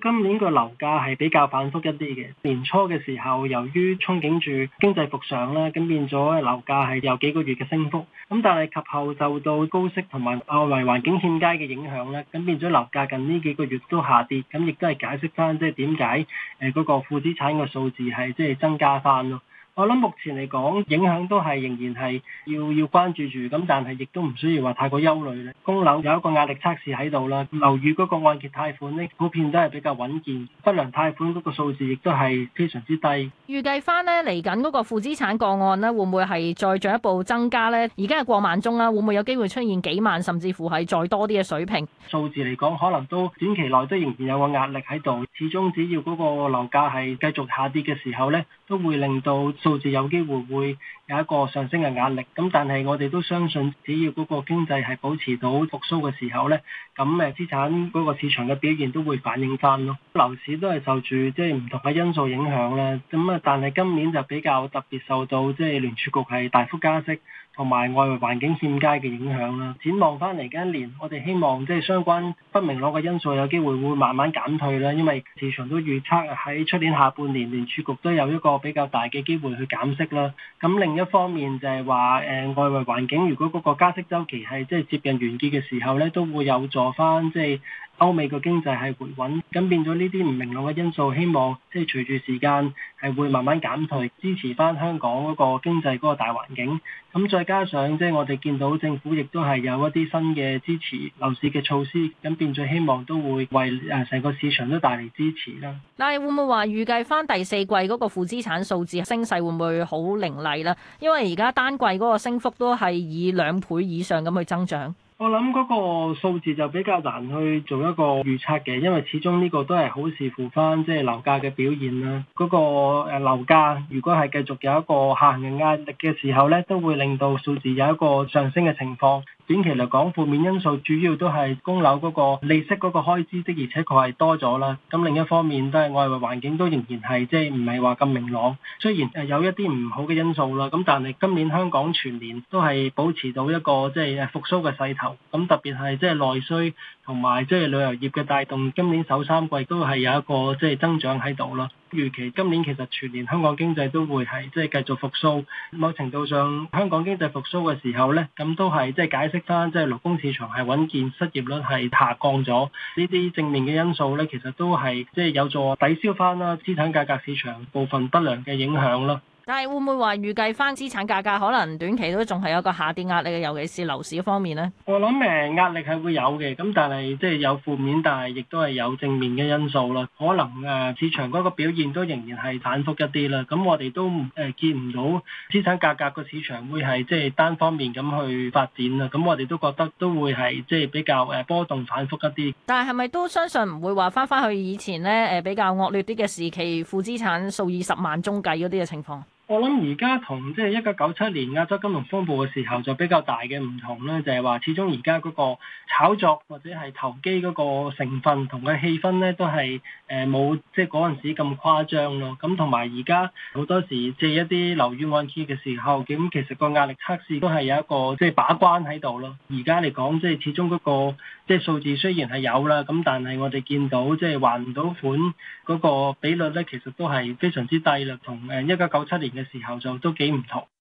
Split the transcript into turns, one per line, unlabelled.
今年個樓價係比較反覆一啲嘅，年初嘅時候，由於憧憬住經濟復上咧，咁變咗樓價係有幾個月嘅升幅，咁但係及後受到高息同埋外圍環境欠佳嘅影響咧，咁變咗樓價近呢幾個月都下跌，咁亦都係解釋翻即係點解誒嗰個負資產嘅數字係即係增加翻咯。我諗目前嚟講，影響都係仍然係要要關注住，咁但係亦都唔需要話太過憂慮咧。供樓有一個壓力測試喺度啦，樓宇嗰個按揭貸款呢，普遍都係比較穩健，不良貸款嗰個數字亦都係非常之低。
預計翻呢嚟緊嗰個負資產個案呢，會唔會係再進一步增加呢？而家係過萬宗啦，會唔會有機會出現幾萬甚至乎係再多啲嘅水平？
數字嚟講，可能都短期內都仍然有個壓力喺度。始終只要嗰個樓價係繼續下跌嘅時候呢，都會令到數字有機會會有一個上升嘅壓力。咁但係我哋都相信，只要嗰個經濟係保持到復甦嘅時候呢，咁誒資產嗰個市場嘅表現都會反映翻咯。樓市都係受住即係唔同嘅因素影響啦。咁啊，但係今年就比較特別受到即係聯儲局係大幅加息同埋外圍環境欠佳嘅影響啦。展望翻嚟嘅一年，我哋希望即係相關不明朗嘅因素有機會會慢慢減退啦，因為市場都預測喺出年下半年，聯儲局都有一個比較大嘅機會去減息啦。咁另一方面就係話，誒、呃、外圍環境如果嗰個加息周期係即係接近完結嘅時候咧，都會有助翻即係。歐美個經濟係回穩，咁變咗呢啲唔明朗嘅因素，希望即係隨住時間係會慢慢減退，支持翻香港嗰個經濟嗰個大環境。咁再加上即係我哋見到政府亦都係有一啲新嘅支持樓市嘅措施，咁變咗希望都會為誒成個市場都帶嚟支持啦。但
嗱，會唔會話預計翻第四季嗰個負資產數字升勢會唔會好凌厲咧？因為而家單季嗰個升幅都係以兩倍以上咁去增長。
我諗嗰個數字就比較難去做一個預測嘅，因為始終呢個都係好視乎翻即係樓價嘅表現啦。嗰、嗰個誒樓價如果係繼續有一個下行嘅壓力嘅時候呢，都會令到數字有一個上升嘅情況。短期嚟講，負面因素主要都係供樓嗰個利息嗰個開支的，而且確係多咗啦。咁另一方面都係，外圍環境都仍然係即係唔係話咁明朗。雖然誒有一啲唔好嘅因素啦，咁但係今年香港全年都係保持到一個即係復甦嘅勢頭。咁特別係即係內需同埋即係旅遊業嘅帶動，今年首三季都係有一個即係增長喺度啦。預期今年其實全年香港經濟都會係即係繼續復甦，某程度上香港經濟復甦嘅時候呢，咁都係即係解釋返即係勞工市場係穩健，失業率係下降咗，呢啲正面嘅因素呢，其實都係即係有助抵消返啦資產價格市場部分不良嘅影響啦。
但係會唔會話預計翻資產價格可能短期都仲係有個下跌壓力嘅，尤其是樓市方面呢？我
諗誒，壓力係會有嘅，咁但係即係有負面，但係亦都係有正面嘅因素咯。可能誒市場嗰個表現都仍然係反復一啲啦。咁我哋都誒見唔到資產價格個市場會係即係單方面咁去發展啦。咁我哋都覺得都會係即係比較誒波動反復一啲。
但係係咪都相信唔會話翻翻去以前咧，誒比較惡劣啲嘅時期，負資產數以十萬宗計嗰啲嘅情況？
我諗而家同即係一九九七年亞洲金融風暴嘅時候就比較大嘅唔同咧，就係話始終而家嗰個炒作或者係投機嗰個成分同嘅氣氛咧，都係誒冇即係嗰陣時咁誇張咯。咁同埋而家好多時借一啲樓宇按揭嘅時候，咁其實個壓力測試都係有一個即係把關喺度咯。而家嚟講，即係始終嗰個即係數字雖然係有啦，咁但係我哋見到即係還唔到款嗰個比率咧，其實都係非常之低啦。同誒一九九七年嘅時候就都幾唔同。